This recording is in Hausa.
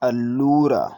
allura